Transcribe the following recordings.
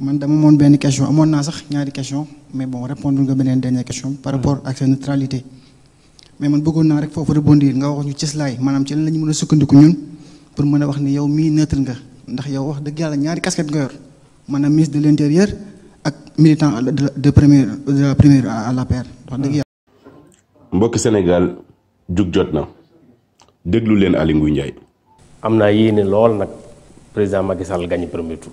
man dama mon ben question amon na sax ñaari question mais bon répondre nga benen dernière question par rapport ak sa neutralité mais man bëggon na rek fofu rebondir nga wax ñu ci slay manam ci lañu mëna sukkandiku ñun pour mëna wax ni yow mi neutre nga ndax yow wax deug yalla ñaari casquette nga yor manam ministre de l'intérieur ak militant de première de la première à la paire wax deug yalla mbokk sénégal juk jotna deglu len ali nguy ndjay amna yene lol nak président Macky Sall gagne premier tour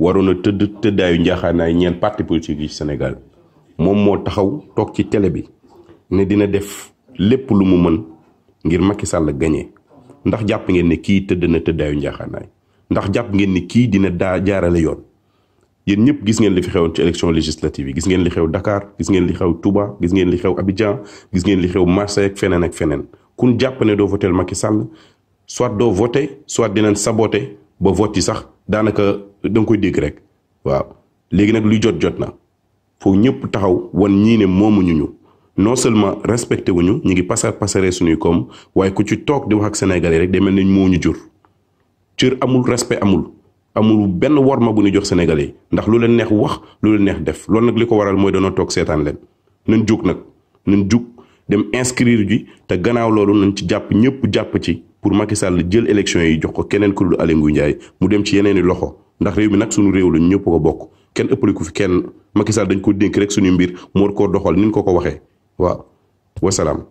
waroon a tëdd tëddaayu njaaxaanaay ñeent parti politique yi ci Sénégal moom moo taxaw toog ci télé bi ne dina def lépp lu mu mën ngir Macky Sall gagné ndax jàpp ngeen ne kii tëdd na tëddaayu njaaxaanaay ndax jàpp ngeen ne kii dina daa jaarale yoon yéen ñëpp gis ngeen li fi xewoon ci élection législative yi gis ngeen li xew dakaar gis ngeen li xew tuba gis ngeen li xew Abidjan gis ngeen li xew Marseille ak feneen ak feneen kun jàpp ne doo votel Macky Sall soit doo voté soit dinañ saboté ba vote yi sax daanaka da nga koy dégg rek waaw léegi nag luy jot jot na foofu ñëpp taxaw wan ñii ne moomuñu ñu non seulement respecté wuñu ñu ngi pasar pasare suñuy koom waaye ku ci toog di wax ak sénégalais rek day mel ni moo ñu jur cër amul respect amul amul benn worma bu ñu jox sénégalais yi ndax lu leen neex wax lu leen neex def loolu nag li ko waral mooy danoo toog seetaan leen nañ jug nag nañ jug dem inscrire ji te gannaaw loolu nañ ci jàpp ñëpp jàpp ci pour Macky Sall jël élection yi jox ko keneen ku dul Aly Ngouille Ndiaye mu dem ci yeneen i loxo ndax réew mi nag suñu réew la ñëpp ko bokk kenn ëppale fi kenn Macky Sall dañ ko dénk rek suñu mbir mu ko koo doxal niñ ko ko waxee waaw wasalaam